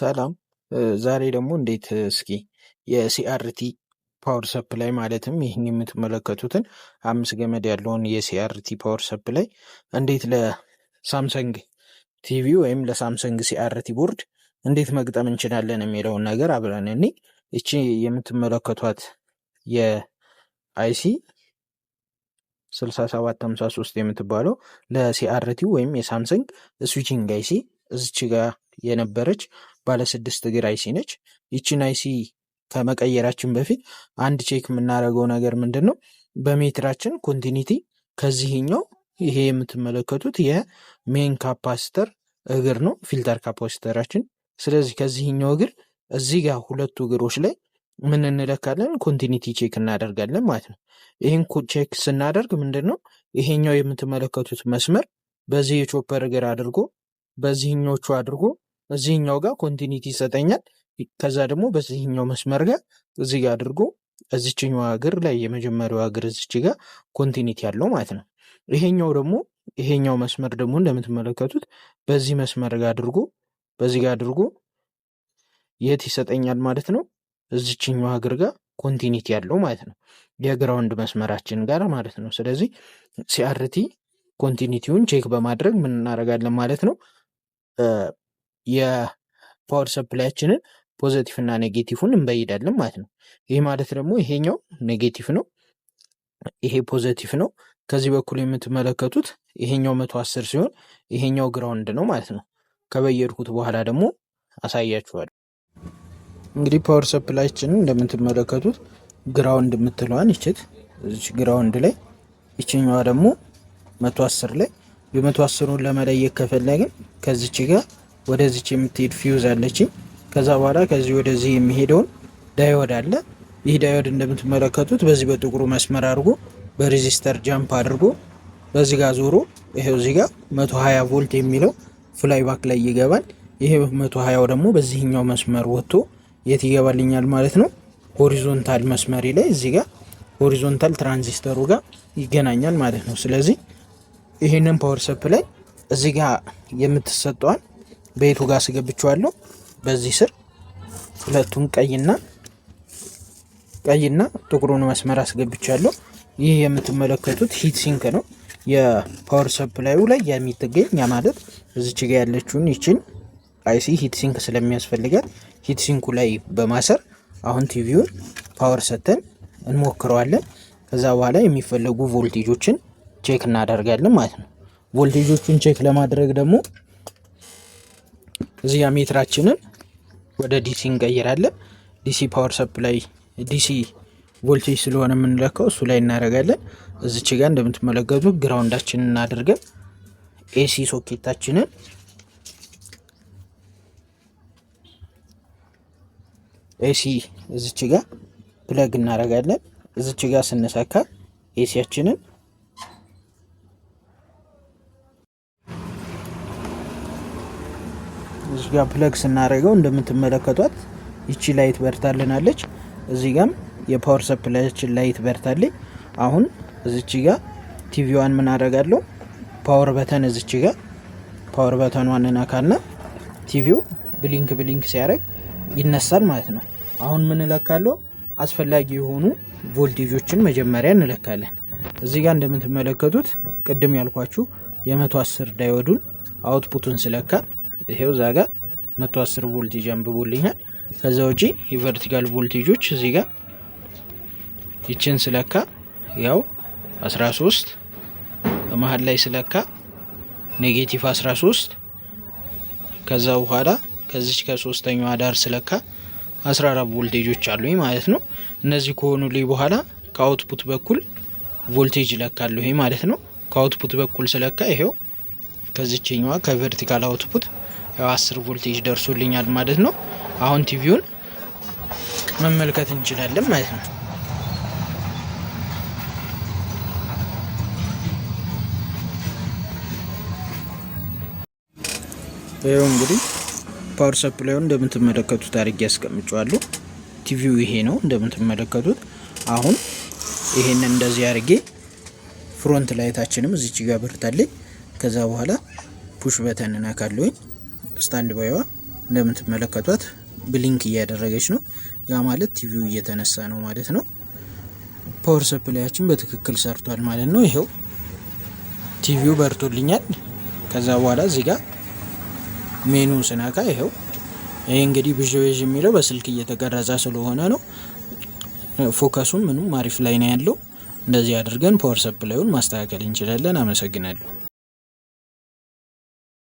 ሰላም። ዛሬ ደግሞ እንዴት እስኪ የሲአርቲ ፓወር ሰፕላይ ማለትም ይህን የምትመለከቱትን አምስት ገመድ ያለውን የሲአርቲ ፓወር ሰፕላይ እንዴት ለሳምሰንግ ቲቪ ወይም ለሳምሰንግ ሲአርቲ ቦርድ እንዴት መግጠም እንችላለን የሚለውን ነገር አብረን እኔ እቺ የምትመለከቷት የአይሲ 6753 የምትባለው ለሲአርቲ ወይም የሳምሰንግ ስዊችንግ አይሲ እዚች ጋር የነበረች ባለ ስድስት እግር አይሲ ነች። ይችን አይሲ ከመቀየራችን በፊት አንድ ቼክ የምናደርገው ነገር ምንድን ነው? በሜትራችን ኮንቲኒቲ ከዚህኛው ይሄ የምትመለከቱት የሜን ካፓስተር እግር ነው፣ ፊልተር ካፓስተራችን። ስለዚህ ከዚህኛው እግር እዚህ ጋር ሁለቱ እግሮች ላይ ምን እንለካለን? ኮንቲኒቲ ቼክ እናደርጋለን ማለት ነው። ይህን ቼክ ስናደርግ ምንድን ነው ይሄኛው የምትመለከቱት መስመር በዚህ የቾፐር እግር አድርጎ በዚህኞቹ አድርጎ እዚህኛው ጋር ኮንቲኒቲ ይሰጠኛል። ከዛ ደግሞ በዚህኛው መስመር ጋር እዚህ ጋር አድርጎ እዚችኛው እግር ላይ የመጀመሪያው እግር እዚች ጋር ኮንቲኒቲ ያለው ማለት ነው። ይሄኛው ደግሞ ይሄኛው መስመር ደግሞ እንደምትመለከቱት በዚህ መስመር ጋር አድርጎ በዚህ ጋር አድርጎ የት ይሰጠኛል ማለት ነው። እዚችኛው እግር ጋር ኮንቲኒቲ ያለው ማለት ነው። የግራውንድ መስመራችን ጋር ማለት ነው። ስለዚህ ሲአርቲ ኮንቲኒቲውን ቼክ በማድረግ ምን እናደርጋለን ማለት ነው የፓወር ሰፕላያችንን ፖዘቲቭ እና ኔጌቲቭን እንበይዳለን ማለት ነው። ይህ ማለት ደግሞ ይሄኛው ኔጌቲቭ ነው፣ ይሄ ፖዘቲቭ ነው። ከዚህ በኩል የምትመለከቱት ይሄኛው መቶ አስር ሲሆን ይሄኛው ግራውንድ ነው ማለት ነው። ከበየድኩት በኋላ ደግሞ አሳያችኋለሁ። እንግዲህ ፓወር ሰፕላያችንን እንደምትመለከቱት ግራውንድ የምትለዋን ይችት እዚች ግራውንድ ላይ ይችኛዋ ደግሞ መቶ አስር ላይ የመቶ አስሩን ለመለየት ከፈለግን ከዚች ጋር ወደዚች የምትሄድ ፊውዝ አለችኝ። ከዛ በኋላ ከዚህ ወደዚህ የሚሄደውን ዳይወድ አለ። ይህ ዳይወድ እንደምትመለከቱት በዚህ በጥቁሩ መስመር አድርጎ በሬዚስተር ጃምፕ አድርጎ በዚህ ጋር ዞሮ ይሄው እዚህ ጋር 120 ቮልት የሚለው ፍላይ ባክ ላይ ይገባል። ይሄ 120 ደግሞ በዚህኛው መስመር ወጥቶ የት ይገባልኛል ማለት ነው። ሆሪዞንታል መስመሪ ላይ እዚህ ጋር ሆሪዞንታል ትራንዚስተሩ ጋር ይገናኛል ማለት ነው። ስለዚህ ይህንን ፓወር ሰፕላይ እዚህ ጋር የምትሰጠዋል ቤቱ ጋር አስገብቼዋለሁ። በዚህ ስር ሁለቱን ቀይና ቀይና ጥቁሩን መስመር አስገብቻለሁ። ይህ የምትመለከቱት ሂት ሲንክ ነው። የፓወር ሰፕላዩ ላይ የሚትገኝ ያ ማለት እዚች ጋ ያለችውን ይችን አይሲ ሂት ሲንክ ስለሚያስፈልጋት ሂት ሲንኩ ላይ በማሰር አሁን ቲቪውን ፓወር ሰተን እንሞክረዋለን። ከዛ በኋላ የሚፈለጉ ቮልቴጆችን ቼክ እናደርጋለን ማለት ነው። ቮልቴጆቹን ቼክ ለማድረግ ደግሞ እዚህ ጋ ሜትራችንን ወደ ዲሲ እንቀይራለን። ዲሲ ፓወር ሰፕላይ ዲሲ ቮልቴጅ ስለሆነ የምንለካው እሱ ላይ እናደርጋለን። እዚች ጋ እንደምትመለከቱ ግራውንዳችንን እናደርገን ኤሲ ሶኬታችንን ኤሲ እዚች ጋር ፕለግ እናደርጋለን። እዚች ጋር ስንሰካ ኤሲያችንን እዚህ ጋር ፕለግ ስናደርገው እንደምትመለከቷት ይቺ ላይት በርታልናለች። እዚህ ጋም የፓወር ሰፕላያችን ላይት በርታለች። አሁን እዚች ጋር ቲቪዋን ምን አደርጋለሁ ፓወር በተን እዚች ጋር ፓወር በተኗን ነካና ቲቪው ብሊንክ ብሊንክ ሲያደርግ ይነሳል ማለት ነው። አሁን ምን እለካለሁ? አስፈላጊ የሆኑ ቮልቴጆችን መጀመሪያ እንለካለን። እዚህ ጋር እንደምትመለከቱት ቅድም ያልኳችሁ የመቶ 110 ዳይወዱን አውትፑቱን ስለካ ይሄው እዛ ጋር መቶ አስር ቮልቴጅ አንብቦልኛል። ከዛ ውጪ የቨርቲካል ቮልቴጆች እዚህ ጋር ይችን ስለካ ያው 13 መሀል ላይ ስለካ ኔጌቲቭ 13 ከዛ በኋላ ከዚች ከሶስተኛዋ ዳር ስለካ 14 ቮልቴጆች አሉ ማለት ነው። እነዚህ ከሆኑ ላይ በኋላ ከአውትፑት በኩል ቮልቴጅ ይለካሉ ይሄ ማለት ነው። ከአውትፑት በኩል ስለካ ይሄው ከዚችኛዋ ከቨርቲካል አውትፑት አስር ቮልቴጅ ደርሶልኛል ማለት ነው። አሁን ቲቪውን መመልከት እንችላለን ማለት ነው። ይኸው እንግዲህ ፓወር ሰፕላዩን እንደምትመለከቱት አድርጌ ያስቀምጨዋለሁ። ቲቪው ይሄ ነው እንደምትመለከቱት። አሁን ይሄንን እንደዚህ አድርጌ ፍሮንት ላይታችንም እዚች ጋር ብርታለኝ። ከዛ በኋላ ፑሽ በተን ነካለሁኝ። ስታንድ ባይዋ እንደምትመለከቷት ብሊንክ እያደረገች ነው። ያ ማለት ቲቪው እየተነሳ ነው ማለት ነው። ፓወር ሰፕላያችን በትክክል ሰርቷል ማለት ነው። ይኸው ቲቪው በርቶልኛል። ከዛ በኋላ እዚህ ጋር ሜኑ ስናካ ይኸው ይሄ እንግዲህ ብዥ ብዥ የሚለው በስልክ እየተቀረጸ ስለሆነ ነው። ፎከሱም ምንም አሪፍ ላይ ነው ያለው። እንደዚህ አድርገን ፓወር ሰፕላዩን ማስተካከል እንችላለን። አመሰግናለሁ።